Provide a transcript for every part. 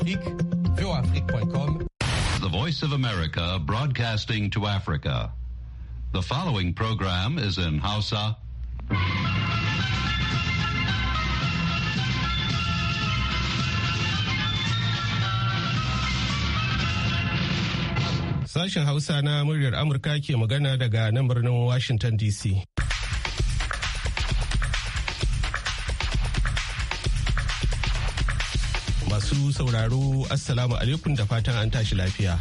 Afrique, voafrique.com. The Voice of America broadcasting to Africa. The following program is in Hausa. Sashen Hausa na muryar Amurka ke magana daga nan birnin Washington DC. sauraro assalamu alaikum da fatan an tashi lafiya.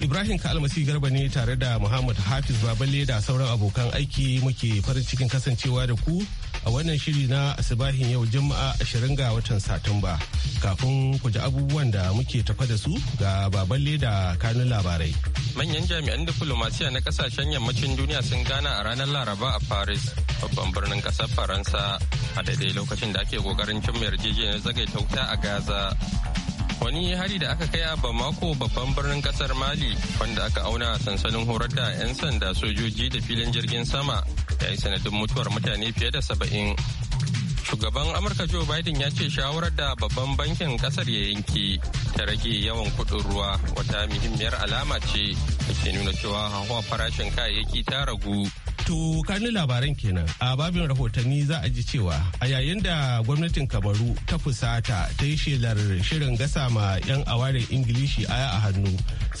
Ibrahim almasi Garba ne tare da Muhammad Hafiz Baballe da sauran abokan aiki muke farin cikin kasancewa da ku a wannan shiri na asibahin yau juma'a 20 ga watan satumba kafin ku ji abubuwan da muke tafa da su ga baban leda kanun labarai manyan jami'an diflomasiya na kasashen yammacin duniya sun gana a ranar laraba a paris babban birnin kasar faransa a daidai lokacin da ake kokarin cimma yarjejeniyar zagaita wuta a gaza wani hari da aka kai a bamako babban birnin kasar mali wanda aka auna a sansanin horar da 'yan sanda sojoji da filin jirgin sama ya yi sanadin mutuwar mutane fiye da saba'in shugaban amurka joe biden ya ce shawarar da babban bankin kasar ya yanke ta rage yawan kudin ruwa wata muhimmiyar alama ce da ke nuna cewa hawa farashin kayayyaki ta ragu To kanin labaran kenan a babin rahotanni za a ji cewa a yayin da gwamnatin Kamaru ta fusata ta yi shelar shirin gasa ma 'yan awarin Ingilishi aya a hannu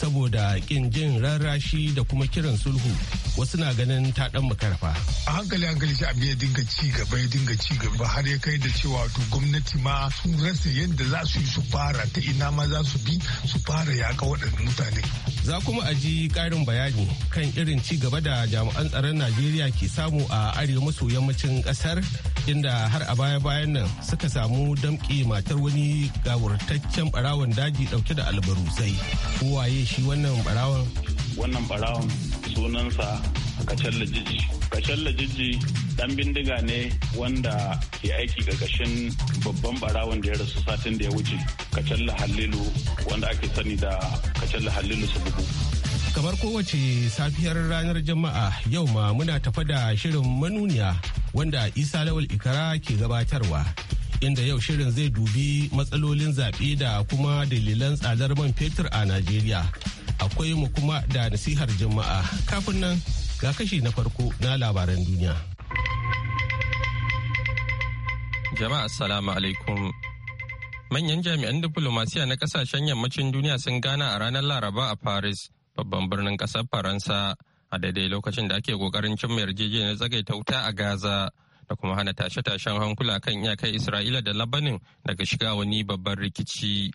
saboda kin jin rarrashi da kuma kiran sulhu wasu na ganin ta dan makarfa a hankali hankali shi abin ya dinga ci gaba ya dinga ci gaba har ya kai da cewa to gwamnati ma sun rasa yadda za su yi su fara ta ina ma za su bi su fara yaƙa waɗannan mutane za kuma a ji ƙarin bayani kan irin ci gaba da jami'an tsaron najeriya ke samu a arewa maso yammacin ƙasar inda har a baya-bayan nan suka samu damƙe matar wani gawurtaccen ɓarawon daji ɗauke da albarusai waye shi wannan barawan? Wannan barawan sunansa Kacalla Jijji. Kacalla dan bindiga ne wanda ke aiki ga kashin babban barawan da ya rasu satin da ya wuce. Kacalla Halilu wanda ake sani da Kacalla Halilu bugu Kamar kowace safiyar ranar Juma'a yau ma muna tafa da shirin manuniya wanda Isa Lawal Ikara ke gabatarwa. inda yau shirin zai dubi matsalolin zaɓe da kuma dalilan tsadar man fetur a Najeriya. Akwai mu kuma da nasihar Juma'a. Kafin nan ga kashi na farko na labaran duniya. Jama'a Assalamu alaikum. Manyan jami'an diplomasiya na kasashen yammacin duniya sun gana a ranar Laraba a Paris, babban birnin kasar Faransa, a daidai lokacin da ake ƙoƙarin cimma yarjejeniyar tsagaita wuta a Gaza. da kuma hana tashe-tashen hankula kan iyakar isra'ila da labanin daga shiga wani babban rikici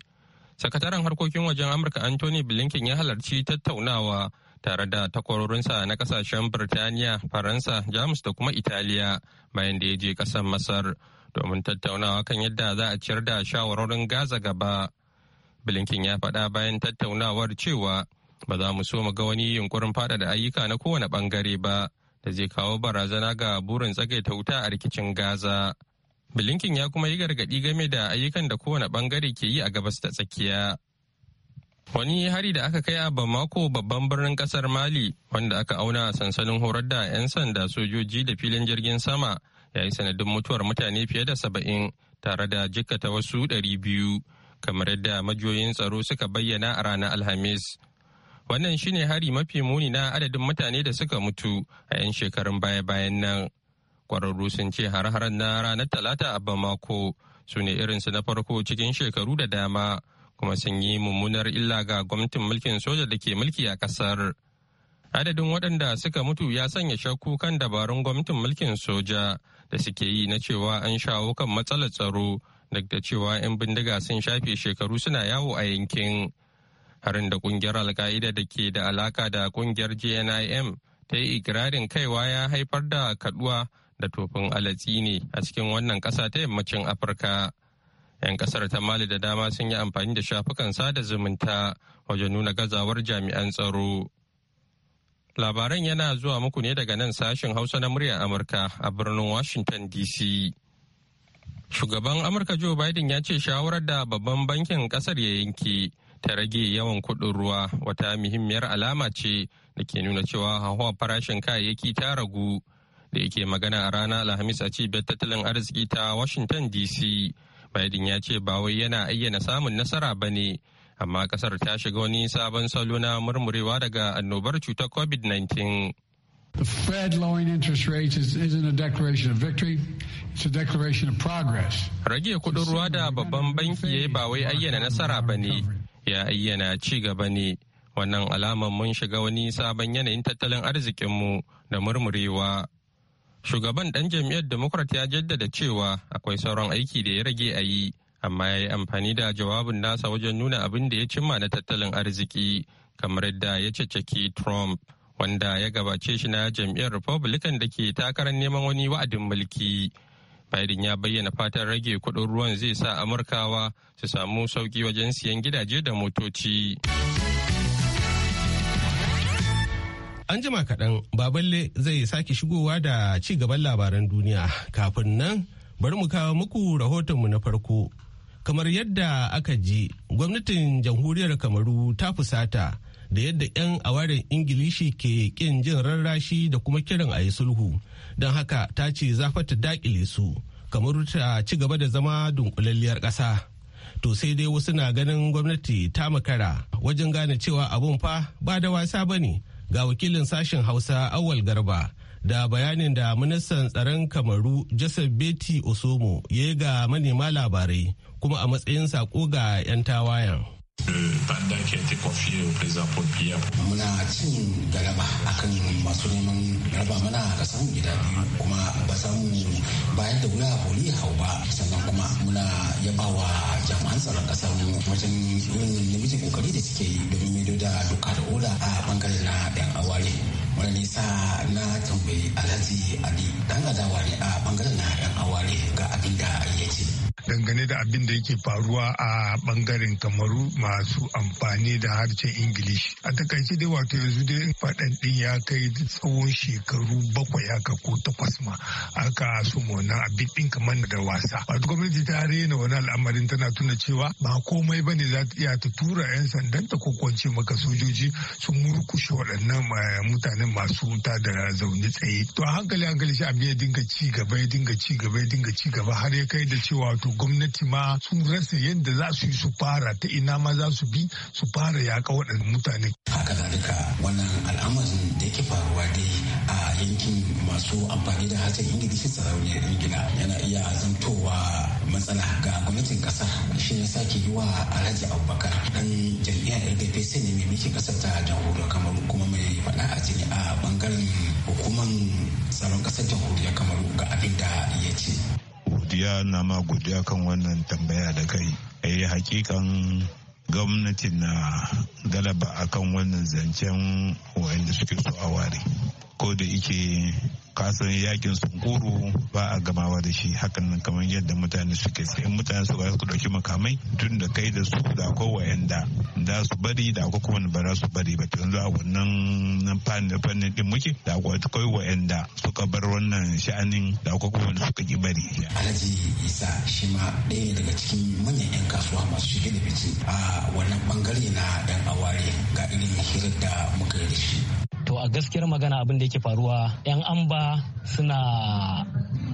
sakataren harkokin wajen amurka anthony blinken ya halarci tattaunawa tare da takwarorinsa na kasashen birtaniya faransa jamus da kuma italiya bayan da ya je kasar masar domin tattaunawa kan yadda za a ciyar da shawarorin gaza gaba blinken ya faɗa bayan tattaunawar cewa ba za mu so mu ga wani yunkurin faɗaɗa ayyuka na kowane ɓangare ba da zai kawo barazana ga burin tsagaita wuta a rikicin Gaza. Blinken ya kuma yi gargaɗi game da ayyukan da kowane bangare ke yi a gabas ta tsakiya. Wani hari da aka kai a Bamako babban birnin kasar Mali wanda aka auna a sansanin horar da 'yan sanda sojoji da filin jirgin sama ya yi sanadin mutuwar mutane fiye da saba'in tare da jikkata wasu ɗari biyu kamar yadda majiyoyin tsaro suka bayyana a ranar Alhamis. Wannan shine hari mafi muni na adadin mutane da suka mutu a 'yan shekarun baya-bayan nan. Kwararru sun ce har-haren na ranar Talata a Bamako su ne irinsu na farko cikin shekaru da dama kuma sun yi mummunar illa ga gwamnatin mulkin soja da ke mulki a kasar Adadin waɗanda suka mutu ya sanya shakku kan dabarun gwamnatin mulkin soja da suke yi na cewa an shawo kan matsalar tsaro duk da cewa 'yan bindiga sun shafe shekaru suna yawo a yankin. harin da kungiyar alka'ida da ke da alaka da kungiyar jnim ta yi ikirarin kaiwa ya haifar da kaduwa da tofin alatsi ne a cikin wannan ƙasa ta yammacin afirka 'yan ƙasar ta mali da dama sun yi amfani da shafukan sada zumunta wajen nuna gazawar jami'an tsaro labaran yana zuwa muku ne daga nan sashen hausa na muryar amurka a birnin washington dc shugaban amurka joe biden ya ce shawarar da babban bankin kasar ya yanke ta rage yawan kuɗin ruwa wata muhimmiyar alama ce da ke nuna cewa hawa farashin kayayyaki ta ragu da yake magana a rana alhamis a cibiyar tattalin arziki ta washington dc biden ya ce ba wai yana ayyana samun nasara ba ne amma kasar ta shiga wani sabon salo na murmurewa daga annobar cutar covid-19 The Fed lowering progress. Rage kudin ruwa da babban banki ya yi ba wai ayyana nasara ba ne, ya ayyana ci gaba ne wannan alamar mun shiga wani sabon yanayin tattalin arzikinmu da murmurewa shugaban ɗan jam'iyyar democrat ya jaddada cewa akwai sauran aiki da ya rage a yi amma ya yi amfani da jawabin nasa wajen nuna abin da ya cimma na tattalin arziki kamar yadda ya caccaki trump wanda ya gabace shi na jam'iyyar republican da ke takarar neman wani wa'adin mulki Biden ya bayyana fatan rage kuɗin ruwan zai sa Amurkawa su samu sauki wajen siyan gidaje da motoci. An jima kaɗan baballe zai sake shigowa da ci gaban labaran duniya kafin nan bari mu kawo muku rahoton mu na farko. Kamar yadda aka ji gwamnatin jamhuriyar Kamaru ta fusata da yadda 'yan awarin Ingilishi ke ƙin jin rarrashi da kuma kiran a yi sulhu. don haka ta ce ta dakile su kamar ta ci gaba da zama dunkulalliyar ƙasa to sai dai wasu na ganin gwamnati ta makara wajen gane cewa abun fa ba da wasa ba ne ga wakilin sashen hausa awal garba da bayanin da ministan tsaron kamaru joseph beti osomo ya yi ga manema labarai kuma a matsayin sako ga 'yan tawayan. ta'adda ke ta kwafiye presa paul biya muna cin galaba akan masu neman raba mana kasan gida kuma ba samu bayan da wula boli hau ba sannan kuma muna yaba wa jami'an tsaron mu wajen yin namijin kokari da suke yi domin maido da doka da ola a bangare na dan aware wani nisa na tambayi alhaji ali dan adawa ne a bangaren na yan aware ga abin da ya ce dangane da abin da yake faruwa a bangaren kamaru masu amfani da harshen ingilishi a takaice dai wato yanzu dai faɗan ɗin ya kai tsawon shekaru bakwai aka ko takwas ma aka so wannan abin ɗin kamar da wasa wato gwamnati ta rena wani al'amarin tana tuna cewa ba komai ba ne za ta iya ta tura 'yan sandan ta ko maka sojoji su murkushe waɗannan eh, mutanen masu wuta da zaune tsaye to a hankali hankali shi abin ya dinga ci gaba ya dinga ci gaba ya dinga ci gaba har ya kai da cewa to gwamnati ma sun rasa yadda za su yi su fara ta ina ma za su bi su fara yaƙa waɗannan mutane. haka zalika wannan al'amarin da yake faruwa dai a yankin masu amfani da harshen ingilishi sarauniyar ingila yana iya zantowa matsala ga gwamnatin ƙasa shi ya sake yi wa alhaji abubakar dan jam'iyyar sai ne mai miki kasar ta jamhuriyar kamaru kuma mai faɗa a jini a bangaren hukumar tsaron kasar jamhuriyar kamaru ga abin da ya ce godiya na ma godiya kan wannan tambaya da kai a eh, yi hakikan gwamnati na galaba akan wannan zancen wa'anda suke so a ware ko da ka kasan yakin sunkuru ba a gamawa da shi hakan nan kamar yadda mutane suke sai mutane su ga su dauki makamai tun da kai da su da ko wayanda da su bari da ko kuma ba za su bari ba yanzu a wannan fannin fannin din muke da ko kai wayanda suka bar wannan sha'anin da ko kuma suka ki bari Alhaji Isa shi ma ɗaya daga cikin manyan yan kasuwa masu shige da fice a wannan bangare na dan aware ga irin hirar da muka yi da shi a gaskiyar magana abin da yake faruwa 'yan amba suna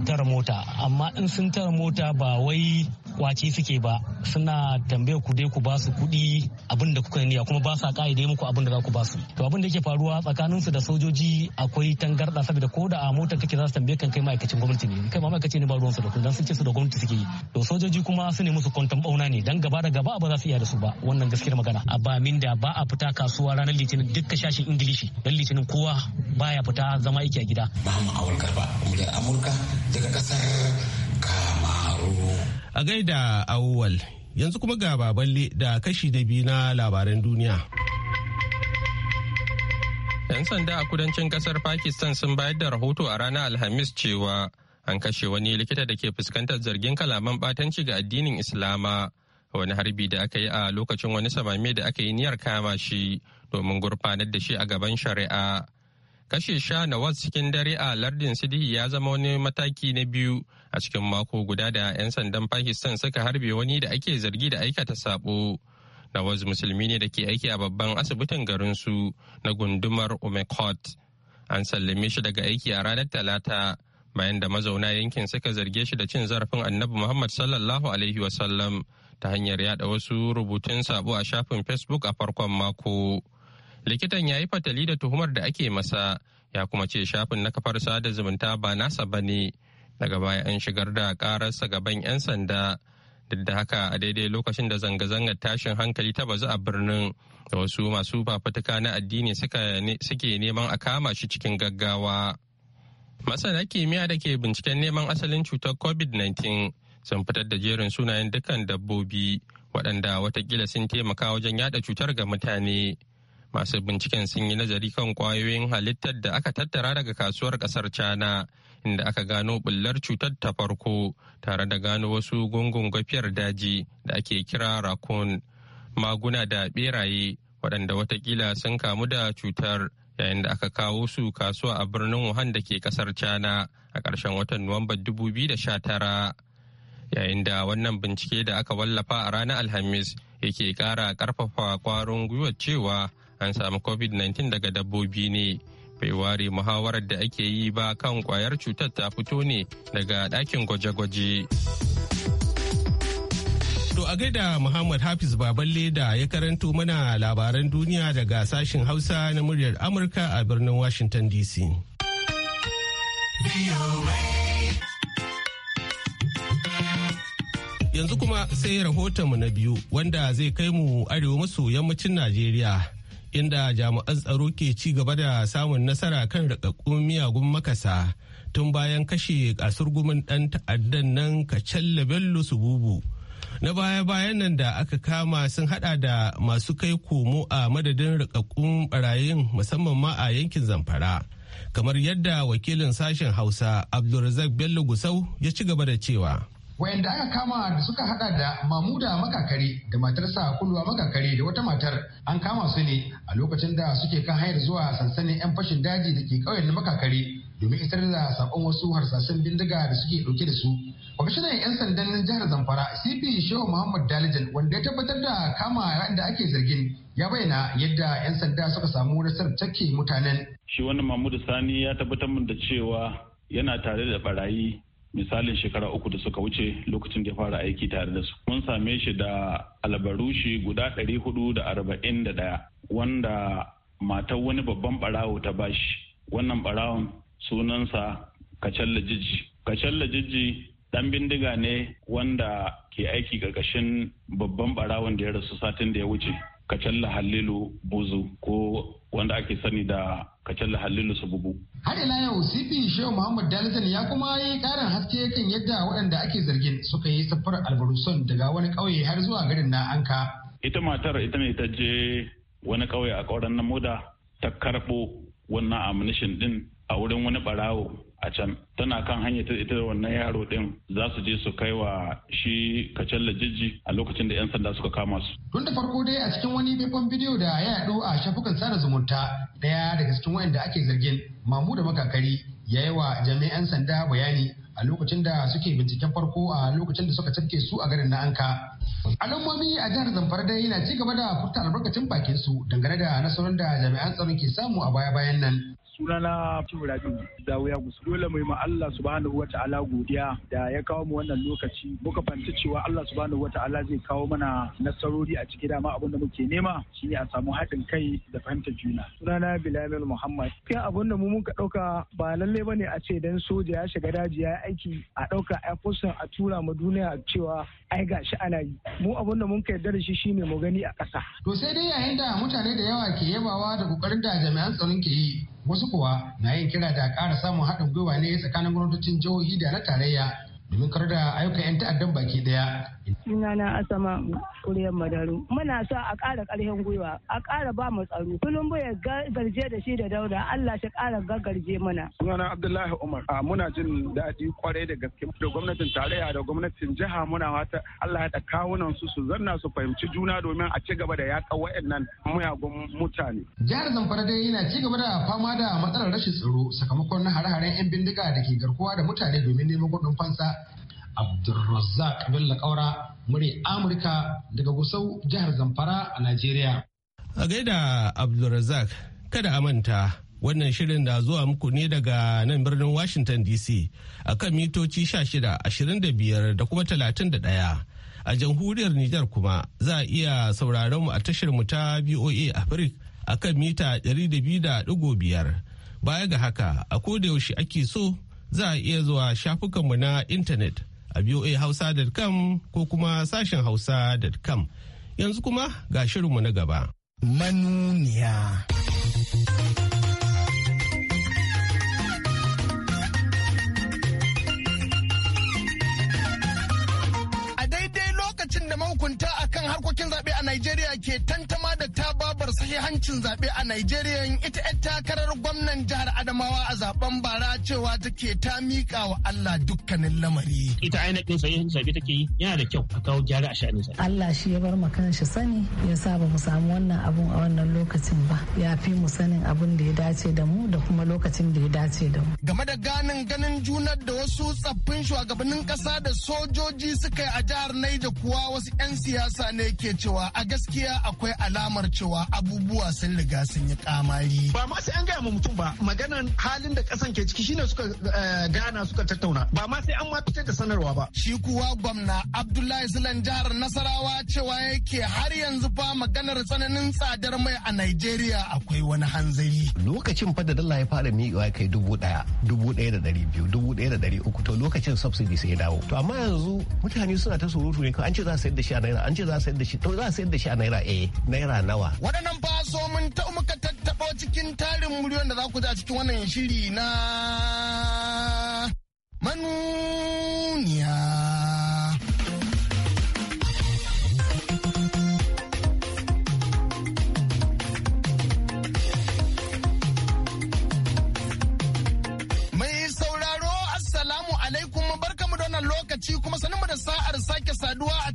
tara mota amma in sun tara mota ba wai kwace suke ba suna tambaye ku dai ku ba su kuɗi abin da kuka niya kuma ba sa ka'ide muku abin da za ku ba su to abin da yake faruwa tsakanin su da sojoji akwai tangarɗa saboda ko da a motar kake za su tambaye kan kai ma'aikacin gwamnati ne kai ma ma'aikaci ne ba ruwan su da kuɗi sun ce su da gwamnati suke yi to sojoji kuma su ne musu kwantan bauna ne dan gaba da gaba ba za su iya da su ba wannan gaskiyar magana a ba min da ba a fita kasuwa ranar litinin dukkan shashin ingilishi dan litinin kowa baya fita zama yake a gida. ba Awal Garba, Amurka daga kasar Kamaru. A gaida awwal yanzu kuma ga baballe da kashi da biyu na labaran duniya. 'Yan sanda a kudancin kasar Pakistan sun bayar da rahoto a ranar Alhamis cewa an kashe wani likita da ke fuskantar zargin kalaman batanci ga addinin Islama. Wani harbi da aka yi a lokacin wani samame da aka yi niyyar kama shi domin gurfanar da shi a gaban shari'a. Kashe sha Nawaz cikin dare a lardin Sidihi ya zama wani mataki na biyu a cikin mako guda da 'yan sandan Pakistan suka harbe wani da ake zargi da aikata sabo. Nawaz musulmi ne da ke aiki a babban asibitin garinsu na gundumar Umekot. An sallame shi daga aiki a ranar Talata bayan da mazauna yankin suka zarge shi da cin zarafin Annabi Muhammad sallallahu alaihi wasallam ta hanyar yada wasu rubutun sabo a shafin Facebook a farkon mako. likitan ya yi fatali da tuhumar da ake masa ya kuma ce shafin na kafar sada zumunta ba nasa ba ne daga baya an shigar da kararsa gaban 'yan sanda duk da haka a daidai lokacin da zanga-zangar tashin hankali ta bazu a birnin da wasu masu fafutuka na addini suke neman a kama shi cikin gaggawa masana kimiyya da ke binciken neman asalin cutar covid-19 sun fitar da jerin sunayen dukkan dabbobi waɗanda watakila sun taimaka wajen yada cutar ga mutane masu binciken sun yi nazari kan kwayoyin halittar da aka tattara daga kasuwar kasar china inda aka gano bullar cutar ta farko tare da gano wasu gungun gafiyar daji da ake kira raccoon maguna da beraye waɗanda watakila sun kamu da cutar yayin da aka kawo su kasuwa a birnin wuhan da ke kasar china a ƙarshen watan nuwamban 2019 yayin da wannan bincike da aka wallafa a ranar alhamis yake kara ƙarfafa kwarin gwiwar cewa an samu covid-19 daga dabbobi ne bai ware muhawarar da ake yi ba kan kwayar cutar ta fito ne daga dakin gwaje-gwaje To a gaida Muhammad Hafiz Baballe da ya karanto mana labaran duniya daga sashen Hausa na muryar Amurka a birnin Washington DC. Yanzu kuma sai rahotonmu na biyu wanda zai kai mu arewa maso yammacin Najeriya. inda jami'an tsaro ke ci gaba da samun nasara kan rikakkun miyagun makasa tun bayan kashe kasurgumin dan ta'addan nan kacalla bello sububu na baya-bayan nan da aka kama sun hada da masu kai komo a madadin rikakkun barayin musamman ma a yankin zamfara kamar yadda wakilin sashen hausa abdulrazak bello gusau ya ci gaba da cewa wayanda aka kama da suka hada da mamuda makakari da matarsa kulwa makakari da wata matar an kama su ne a lokacin da suke kan hanyar zuwa sansanin 'yan fashin daji da ke ƙauyen na makakari domin isar da sakon wasu harsasan bindiga da suke ɗauke da su kwamishinan 'yan sandan jihar zamfara cp shehu muhammad dalijan wanda ya tabbatar da kama da ake zargin ya bayyana yadda 'yan sanda suka samu nasarar take mutanen shi wannan mamudu sani ya tabbatar da cewa yana tare da barayi misalin shekara uku da suka wuce lokacin da ya fara aiki tare da su mun same shi da albarushi guda ɗari hudu da arba'in da ɗaya wanda matar wani babban barawo ta bashi wannan barawon sunansa kacalla jijji kacalla jijji dan bindiga ne wanda ke aiki ƙarƙashin babban barawon da ya rasu satin da ya wuce kacalla hallilu buzu ko wanda ake sani da kacalla su sububu. har ila yau cp shehu muhammad dalitan ya kuma yi karin haske kan yadda waɗanda ake zargin suka yi safar albaruson daga wani ƙauye har zuwa garin na anka. ita matar ita ne ta je wani ƙauye a ƙauren na moda ta karɓo wannan amnishin ɗin a wurin wani ɓarawo a can tana kan hanyar ta ita wannan yaro din za su je su kai wa shi kacalla jijji a lokacin da 'yan sanda suka kama su. Tun da farko dai a cikin wani faifan bidiyo da ya yaɗo a shafukan sada zumunta ɗaya daga cikin wayanda ake zargin mamu da makakari ya yi wa jami'an sanda bayani a lokacin da suke binciken farko a lokacin da suka cafke su a garin na anka al'ummomi a jihar zamfara dai na ci gaba da furta albarkacin bakin su dangane da nasarar da jami'an tsaron ke samu a baya bayan nan sunana Tiwu Rabiu da wuya musu dole mai ma Allah subhanahu wa ta'ala godiya da ya kawo mu wannan lokaci muka fahimci cewa Allah subhanahu wa ta'ala zai kawo mana nasarori a cikin dama abin da muke nema shine a samu haɗin kai da fahimtar juna sunana Bilal Muhammad kai abin da mu muka ɗauka ba lalle bane a ce dan soja ya shiga daji ya aiki a ɗauka a fusan a tura mu duniya cewa ai gashi ana yi mu abin da mun kai yarda da shi shine mu gani a ƙasa to sai dai yayin da mutane da yawa ke yabawa da kokarin da jami'an tsaron ke yi wasu kuwa na yin kira da ƙara samun haɗin gwiwa ne tsakanin gwamnatocin jihohi da na tarayya domin kar da ayyukan 'yan ta'addan baki ɗaya sunana asama kuryan madaru muna sa a kara ƙarfin gwiwa a kara ba mu tsaro kullum ya garje da shi da dauda Allah shi ƙara gagarje mana sunana abdullahi umar a muna jin daɗi kwarai da gaske da gwamnatin tarayya da gwamnatin jiha muna wata Allah ya da kawunan su su zanna su fahimci juna domin a ci gaba da yaƙa wayannan muyagun mutane jihar zamfara dai yana ci gaba da fama da matsalar rashin tsaro sakamakon hare-haren 'yan bindiga da ke garkuwa da mutane domin neman kuɗin fansa Abdulrazak Bello Kaura murya Amurka daga Gusau jihar Zamfara a Najeriya. A gaida Abdulrazak, kada a manta wannan shirin da zuwa muku ne daga nan birnin Washington DC a kan mitoci 16, 25 da kuma 31. a jamhuriyar Nijar kuma za a iya sauraron mu a tashar mu ta BOA Africa a kan mita 200.5. Baya ga haka a koda yaushe ake so za a iya zuwa shafukanmu na intanet a voahausa.com ko kuma sashen hausa.com. Yanzu kuma ga shirinmu na gaba. Manuniya. A daidai lokacin da mahukunta kan harkokin zaɓe a Najeriya ke tantama da tababar sahihancin zaɓe a Najeriya ita 'yan takarar gwamnan jihar Adamawa a zaben bara cewa take ta miƙa wa Allah dukkanin lamari. Ita ainihin sahihin zaɓe take yi yana da kyau a kawo gyara a sha'anin zaɓe. Allah shi ya bar ma shi sani ya sa ba mu samu wannan abun a wannan lokacin ba ya fi mu sanin abun da ya dace da mu da kuma lokacin da ya dace da mu. Game da ganin ganin junar da wasu tsaffin shugabannin ƙasa da sojoji suka yi a jihar Naija kuwa wasu 'yan siyasa mutane ke cewa a gaskiya akwai alamar cewa abubuwa sun riga sun yi kamari. Ba ma sai an gaya ma mutum ba maganan halin da kasan ke ciki shine suka eh, gana suka tattauna ba ma sai an ma fitar da sanarwa ba. Shi kuwa gwamna Abdullahi Zulan jihar Nasarawa cewa yake har yanzu fa maganar tsananin tsadar mai a Najeriya akwai wani hanzari. Lokacin fa da dala ya fara miƙewa kai dubu ɗaya, dubu ɗaya da ɗari biyu, dubu ɗaya da ɗari uku to lokacin subsidy sai ya dawo. To amma yanzu mutane suna ta surutu ne an ce za su sayar da shi a naira an ce za sayar da shi to za a sayar da shi a naira eh naira nawa waɗannan fa so mun ta muka tattaɓa cikin tarin miliyon da za ku ji a cikin wannan shiri na manuniya lokaci kuma sanin da sa'ar sake saduwa a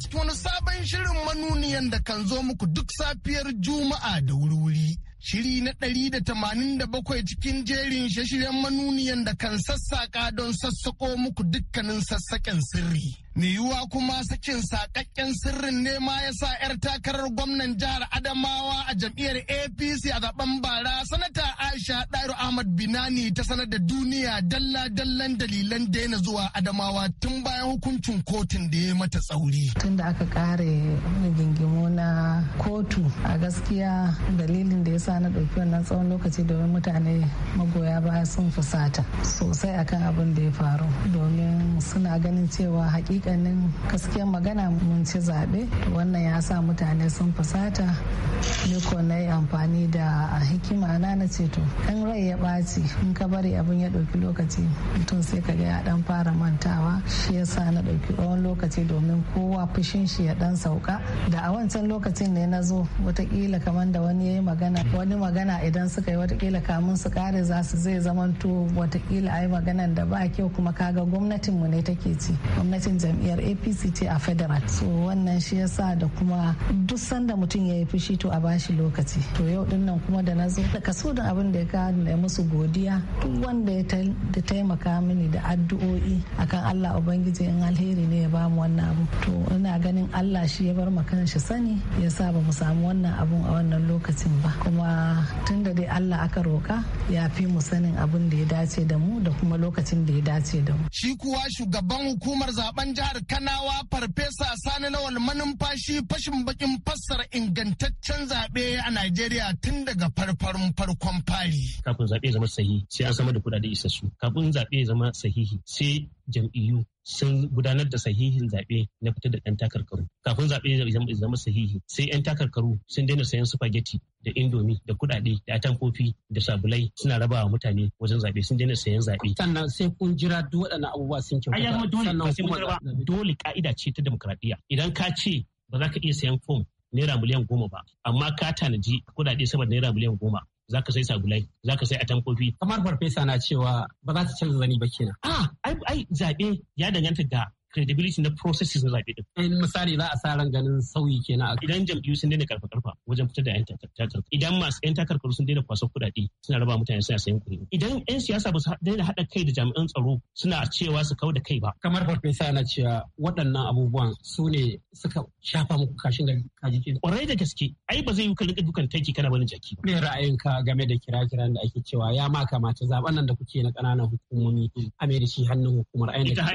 shirye kan zo muku duk safiyar Juma'a da wuri-wuri. Shiri na ɗari da tamanin da bakwai cikin jerin shirye manuniyan da kan sassaƙa don sassaƙo muku dukkanin sassaƙen sirri. yiwuwa kuma sakin sakakken sirrin ne ma ya sa 'yar takarar gwamnan jihar adamawa a jam'iyyar apc a zaben bara sanata aisha ɗaru ahmad binani ta sanar da duniya dalla-dallan dalilan daina zuwa adamawa tun bayan hukuncin kotun da ya mata tsauri tun da aka kare gingimu na kotu a gaskiya dalilin da ya sa na ɗauki wannan tsawon lokaci domin mutane magoya baya sun fusata sosai akan abin da ya faru domin suna ganin cewa hakika hakikanin gaskiyar magana mun ci zaɓe wannan ya sa mutane sun fusata ni ko na yi amfani da hikima na na ceto in rai ya ɓaci in ka bari abin ya ɗauki lokaci mutum sai ka ga ya ɗan fara mantawa shi ya sa na ɗauki tsawon lokaci domin kowa fushin shi ya ɗan sauka da a wancan lokacin ne na zo watakila kamar da wani ya yi magana wani magana idan suka yi watakila kamun su kare za su zai zamanto watakila a yi maganan da ba kyau kuma kaga gwamnatinmu ne take ci gwamnatin jam'iyyar apc ce a federal so wannan shi yasa da kuma duk sanda mutum ya yi fushi to a bashi lokaci to yau din kuma da na zo da kaso da abin da ya ka da musu godiya duk wanda ya taimaka mini da addu'o'i akan allah ubangiji in alheri ne ya bamu wannan abu to ina ganin allah shi ya bar makan shi sani ya sa ba mu samu wannan abun a wannan lokacin ba kuma tunda dai allah aka roka ya fi mu sanin abin da ya dace da mu da kuma lokacin da ya dace da mu shi kuwa shugaban hukumar zaben jihar jihar Kanawa Farfesa Sani Lawal manumfashi fashin bakin fassara ingantaccen zaɓe a Najeriya tun daga farfarin farkon fari. Kafin zaɓe zama sahihi sai an samar da kuɗaɗe isassu. Kafin zaɓe zama sahihi sai jam'iyyu sun gudanar da sahihin zaɓe na fitar da ɗan takarkaru kafin zaɓe ya zama sahihi sai 'yan takarkaru sun daina sayan spaghetti da indomi da kuɗaɗe da atamfofi da sabulai suna raba wa mutane wajen zaɓe sun daina sayan zaɓe. sannan sai kun jira duk waɗannan abubuwa sun kyau. ayyar dole ba sai ba dole ka'ida ce ta demokradiyya idan ka ce ba za ka iya sayan fom naira miliyan goma ba amma ka tanaji kuɗaɗe saboda naira miliyan goma za ka sai sabulai za ka sai atankofi. kamar farfesa na cewa ba za ta canza zani ba kenan a ah, ai zabe ya danganta da credibility na processes na zaɓe din. misali za a sa ran ganin sauyi kenan. Idan jam'iyyu sun daina karfa karfa wajen fitar da 'yan takar idan masu 'yan takarkaru sun daina kwaso kuɗaɗe suna raba mutane suna sayan kuɗi. Idan 'yan siyasa ba su daina haɗa kai da jami'an tsaro suna cewa su kau da kai ba. Kamar farfesa na cewa waɗannan abubuwan su ne suka shafa muku kashin kaji ke. Ƙwarai da gaske ai ba zai yi kalin dukan taki kana wani jaki. Me ra'ayinka game da kira-kiran da ake cewa ya ma kamata zaɓen nan da kuke na ƙananan hukumomi a mai da shi hannun hukumar Ita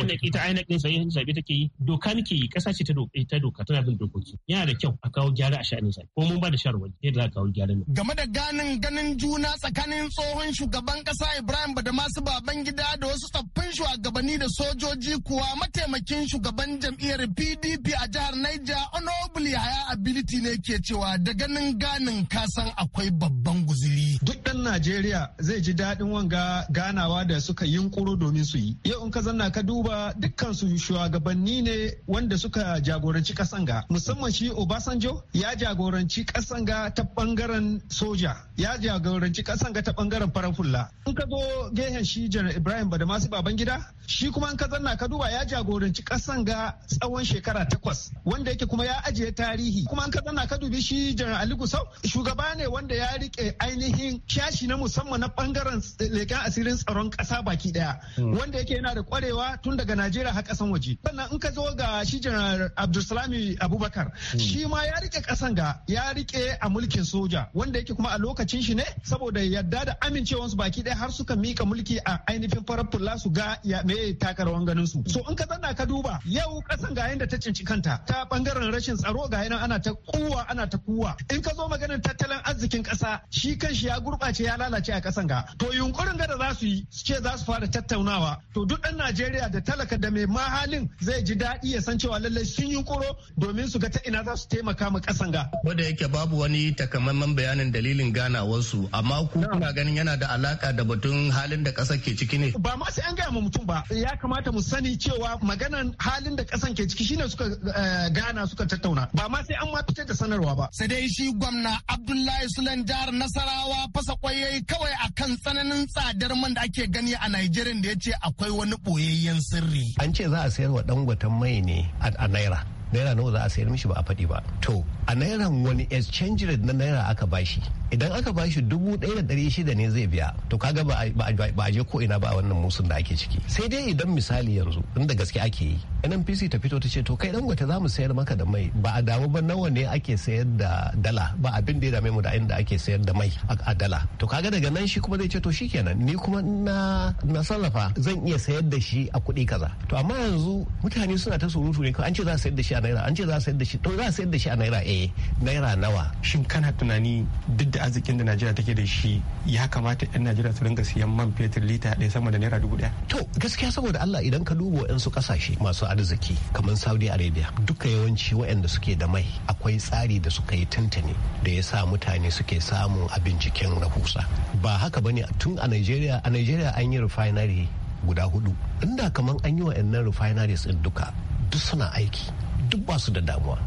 INEC ita sai ainihin zabe take yi doka nake yi kasa ce ta doka tana bin dokoki yana da kyau a kawo gyara a sha'anin zabe ko mun ba da shawarwari yadda za a kawo gyara ne game da ganin ganin juna tsakanin tsohon shugaban kasa Ibrahim da masu baban gida da wasu tsaffin shugabanni da sojoji kuwa mataimakin shugaban jam'iyyar PDP a jihar Niger Honorable Yahaya Ability ne ke cewa da ganin ganin kasan akwai babban guziri duk dan Najeriya zai ji daɗin wanga ganawa da suka yunkuro domin su yi yau in ka zanna ka duba dukkan su shugabanni ne wanda suka jagoranci kasan ga musamman shi Obasanjo ya jagoranci kasan ga ta bangaren soja ya jagoranci kasan ga ta bangaren farar fulla in ka zo gehen shi Janar Ibrahim Badamasi Babangida shi kuma in ka zanna ka duba ya jagoranci kasan ga tsawon shekara takwas wanda yake kuma ya ajiye tarihi kuma in ka zanna ka dubi shi Janar Ali Gusau shugaba ne wanda ya rike ainihin shashi na musamman na bangaren leken asirin tsaron kasa baki daya hmm. wanda yake yana da kwarewa tun daga Najeriya har kasan waje soji sannan in ka zo ga shi janar abdulsalami abubakar hmm. shi ma ya rike kasan ga ya rike a mulkin soja wanda yake kuma a lokacin shi ne saboda yadda da amincewansu baki ɗaya har suka mika mulki a ainihin farar fulla su ga ya me takarawan ganin su so in ka zanna ka duba yau kasan ga yanda ta cinci kanta ta bangaren rashin tsaro ga yana ana ta kuwa ana ta kuwa in ka zo maganar tattalin arzikin kasa shi kanshi ya gurɓace ya lalace a kasan ga to yunkurin ga da za su yi su ce za su fara tattaunawa to duk ɗan Najeriya da talaka da mai mahali halin zai ji daɗi ya san cewa lallai sun yi kuro domin su ga ta ina za su taimaka ma kasan ga. Wanda yake babu wani takamaiman bayanin dalilin ganawarsu amma ku kuna ganin yana da alaka da batun halin da ƙasar ke ciki ne. Ba ma sai an gaya ma mutum ba ya kamata mu sani cewa maganan halin da ƙasan ke ciki shine suka eh, gana suka tattauna ba ma sai an ma fitar da sanarwa ba. Sai dai shi gwamna Abdullahi Sulan jihar Nasarawa fasa kwayoyi kawai akan tsananin tsadar man da ake gani a nigeria da ya ce akwai wani ɓoyayyen sirri. An ce za a sayarwa dangwatan mai ne a naira naira nawa za a sayar mishi ba a faɗi ba to a nairan wani exchange rate na naira aka bashi idan aka bashi dubu ɗaya da ɗari shida ne zai biya to kaga ba a je ko ina ba a wannan musun da ake ciki sai dai idan misali yanzu inda gaske ake yi nnpc ta fito ta ce to kai dangote za mu sayar maka da mai ba a damu ba nawa ne ake sayar da dala ba abin da ya dame mu da inda ake sayar da mai a dala to kaga daga nan shi kuma zai ce to kenan ni kuma na na sarrafa zan iya sayar da shi a kuɗi kaza to amma yanzu mutane suna ta surutu ne an ce za a sayar da shi a naira an ce za a sayar da shi to za a sayar da shi a naira eh naira nawa shin kana tunani duk da arzikin da Najeriya take da shi ya kamata yan Najeriya su ringa siyan man fetur lita ɗaya sama da naira dubu ɗaya to gaskiya saboda Allah idan ka duba wayansu kasashe. masu arziki kamar Saudi Arabia duka yawanci wayanda suke da mai akwai tsari da suka yi tuntuni da ya sa mutane suke samun a binciken rahusa ba haka ba ne tun a Najeriya a Najeriya an yi refinery guda hudu inda kamar an yi wa 'yan refineries duka duk suna aiki duk ba su da damuwa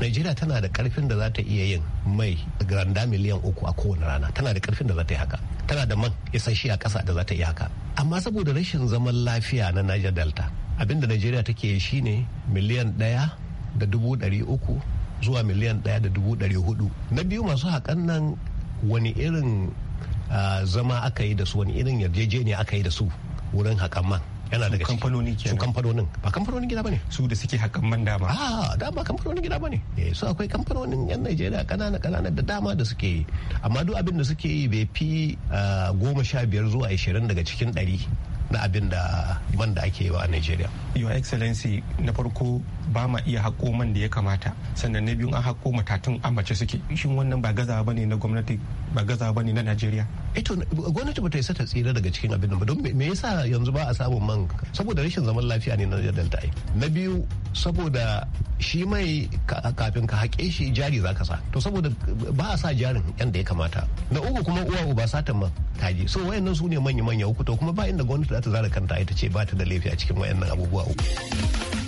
Najeriya tana da karfin da za ta iya yin mai randa miliyan uku a kowane rana tana da karfin da za ta yi haka tana da man isasshe a ƙasa da za ta yi haka amma saboda rashin zaman lafiya na Niger Delta abinda Najeriya take yi shine miliyan ɗaya da dubu ɗari uku zuwa miliyan ɗaya da dubu ɗari hudu na biyu masu haƙan nan wani irin ah, zama aka yi da su wani irin yarjejeniya aka yi da su wurin haƙan man yana daga kamfanoni su kamfanonin ba kamfanonin gida bane su da suke hakan man dama a dama kamfanonin gida bane eh su akwai kamfanonin yan Najeriya kanana kanana da dama da suke yi amma duk abin da suke yi bai fi ah, goma sha biyar zuwa ashirin daga cikin ɗari na abin da man da ake yi wa a Najeriya. Your Excellency na farko ba ma iya haƙo man da ya kamata sannan na biyu an haƙo matatun a mace suke shin wannan ba gazawa bane na gwamnati ba gazawa bane na Najeriya ito eh gwamnati ba ta isa ta tsira daga cikin abin ba don me yasa yanzu ba a samun man saboda rashin zaman lafiya ne na Delta ai na biyu saboda shi mai kafin ka haƙe shi jari zaka sa to saboda ba a sa jarin yanda ya kamata na uku kuma uwa ba satan man taje so wayannan su ne manya manya uku to kuma ba inda gwamnati za ta zara kanta ita ce ba ta da laifi a cikin wayannan abubuwa uku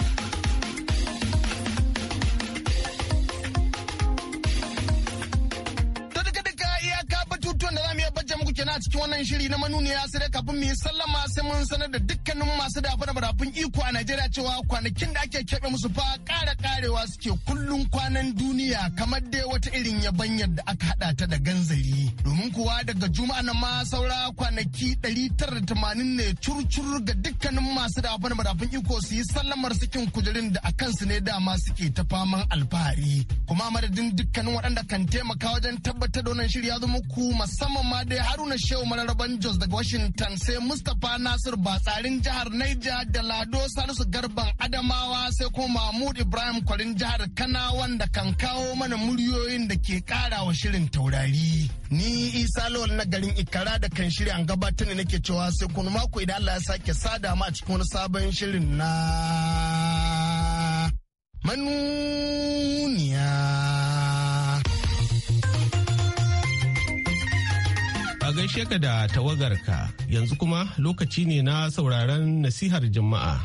wannan shiri na manuniya sai dai kafin mu yi sallama sai mun sanar da dukkanin masu dafa da barafin iko a Najeriya cewa kwanakin da ake keɓe musu fa ƙara ƙarewa suke kullun kwanan duniya kamar dai wata irin yabanyar da aka hada ta da ganzari. Domin kuwa daga juma'a na ma saura kwanaki 980 ne curcur ga dukkanin masu dafa da barafin iko su yi sallamar sukin kujerin da a kansu ne dama suke ta faman alfahari. Kuma madadin dukkanin waɗanda kan taimaka wajen tabbatar da wannan shiri ya zo muku musamman ma dai Haruna Shehu Marar Laraban Jos daga Washington sai Mustapha Nasir tsarin jihar Niger da Lado Salisu Garban Adamawa sai kuma Mahmud Ibrahim Kwarin jihar Kana wanda kan kawo mana muryoyin da ke kara wa shirin taurari. Ni Isa Lawal na garin Ikara da kan shirya an gabatar ne nake cewa sai kun mako idan Allah ya sake sada ma a cikin wani sabon shirin na manuniya. gaishe ka da tawagarka yanzu kuma lokaci ne na sauraron nasihar jama'a.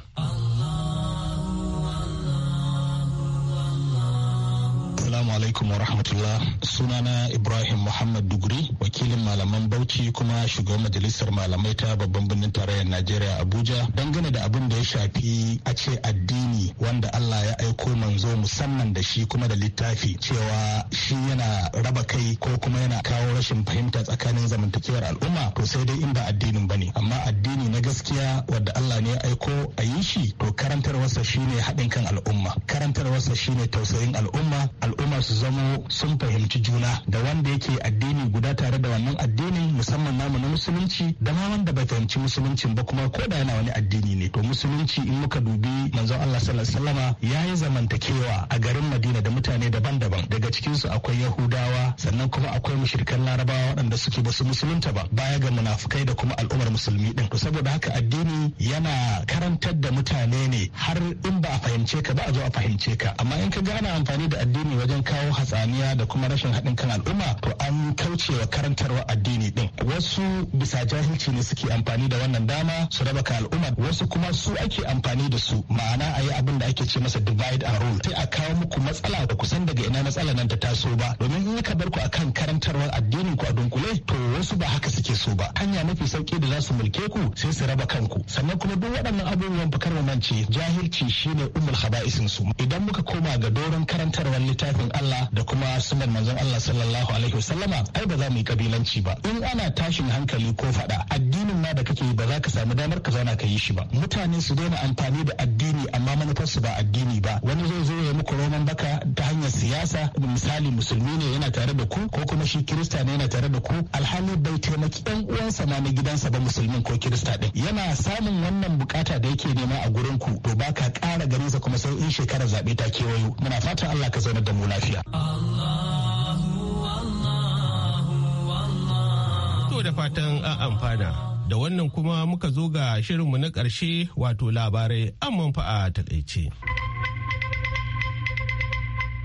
alaikum wa rahmatullah sunana Ibrahim Muhammad Duguri wakilin malaman Bauchi kuma shugaban majalisar malamai ta babban birnin tarayyar Najeriya Abuja dangane da abin da ya shafi a ce addini wanda Allah ya aiko manzo musamman da shi kuma da littafi cewa shi yana raba kai ko kuma yana kawo rashin fahimta tsakanin zamantakewar al'umma to sai dai in ba addinin bane amma addini na gaskiya wanda Allah ne ya aiko a yi shi to karantar wasa shine haɗin kan al'umma karantarwarsa shine tausayin al'umma al'umma su zamo sun fahimci juna da wanda yake addini guda tare da wannan addinin musamman namu na musulunci da ma wanda bai fahimci musuluncin ba kuma ko da yana wani addini ne to musulunci in muka dubi manzon Allah sallallahu alaihi wasallama yayi zamantakewa a garin Madina da mutane daban-daban daga cikin su akwai Yahudawa sannan kuma akwai mushrikan Larabawa waɗanda suke basu musulunta ba baya ga munafukai da kuma al'ummar musulmi din to saboda haka addini yana karantar da mutane ne har in ba a fahimce ka ba a zo a fahimce ka amma in ka gane amfani da addini wajen kawo kawo hatsaniya da kuma rashin haɗin kan al'umma to an kaucewa karantarwa addini din wasu bisa jahilci ne suke amfani da wannan dama su raba ka al'umma wasu kuma su ake amfani da su ma'ana a yi abin da ake ce masa divide and rule sai a kawo muku matsala da kusan daga ina matsala nan ta taso ba domin in ka bar ku akan karantarwar addini ku a dunkule to wasu ba haka suke so ba hanya mafi sauki da za su mulke ku sai su raba kanku sannan kuma duk waɗannan abubuwan fakar karmamance jahilci shine ummul haba'isin su idan muka koma ga doron karantarwar littafin Allah Allah da kuma sunan manzon Allah sallallahu alaihi wasallama ai ba za mu yi kabilanci ba in ana tashin hankali ko fada addinin ma da kake yi ba za ka samu damar ka zauna ka yi shi ba mutane su daina amfani da addini amma manufarsu ba addini ba wani zai zo ya muku roman baka siyasa misali musulmi ne yana tare da ku ko kuma shi kirista ne yana tare da ku alhali bai taimaki ɗan uwansa ma na gidansa ba musulmin ko kirista din yana samun wannan bukata da yake nema a gurin ku to ba kara ƙara sa kuma sai shekarar zabe ta kewayo muna fatan Allah ka zaunar da mu lafiya. To da fatan an amfana da wannan kuma muka zo ga shirinmu na ƙarshe wato labarai an manfa a takaice.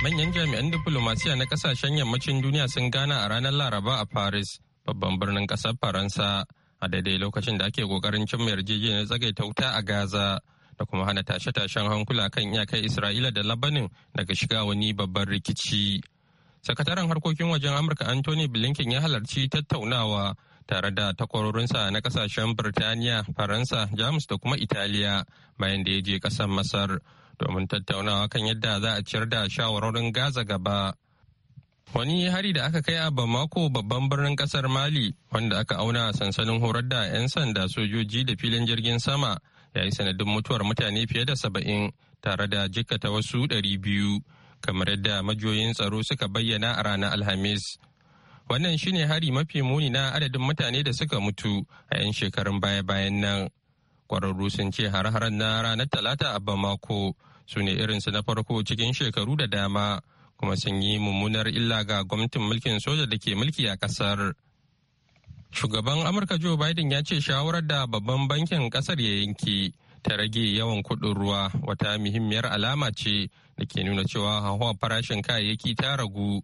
manyan jami'an diplomasiya na kasashen yammacin duniya sun gana a ranar laraba a paris babban birnin kasar faransa a daidai lokacin da ake kokarin cimma yarjejeniyar ta wuta a gaza da kuma hana tashe-tashen hankula kan iyakar isra'ila da labanin daga shiga wani babban rikici sakataren harkokin wajen amurka anthony blinken ya halarci tattaunawa tare da takwarorinsa na kasashen birtaniya faransa jamus da kuma italiya bayan da ya je kasar masar domin tattaunawa kan yadda za a ciyar da shawarorin Gaza gaba. Wani hari da aka kai a Bamako babban birnin kasar Mali wanda aka auna sansanin horar da 'yan sanda sojoji da filin jirgin sama ya yi sanadin mutuwar mutane fiye da saba'in tare da jikkata wasu ɗari biyu kamar yadda majiyoyin tsaro suka bayyana a ranar Alhamis. Wannan shine hari mafi muni na adadin mutane da suka mutu a 'yan shekarun baya-bayan nan. Kwararru sun ce har-haren na ranar Talata a Bamako su ne irinsu na farko cikin shekaru da dama kuma sun yi mummunar illa ga gwamnatin mulkin soja da ke mulki a kasar. Shugaban Amurka Joe Biden ya ce shawarar da babban bankin kasar ya yanke ta rage yawan kudin ruwa wata muhimmiyar alama ce da ke nuna cewa hawa farashin kayayyaki ta ragu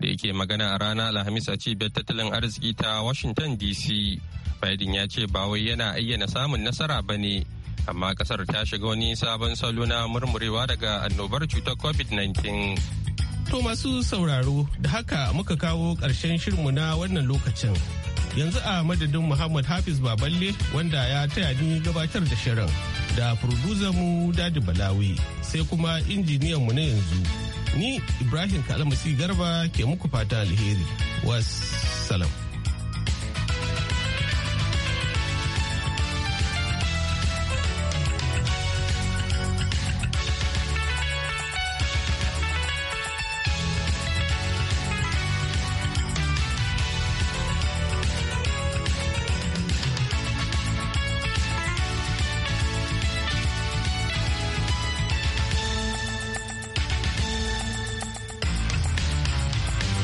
da yake magana a rana Alhamis a cibiyar tattalin arziki ta Washington DC. Biden ya ce ba wai yana ayyana samun nasara ba ne amma kasar ta shiga wani sabon salo na murmurewa daga annobar cutar covid-19 to masu sauraro da haka muka kawo ƙarshen shirmu na wannan lokacin yanzu a madadin muhammad hafiz baballe wanda ya taya ni gabatar da shirin da mu dadi balawi sai kuma mu na yanzu ni ibrahim kalamusi garba ke muku fata alheri wassalam.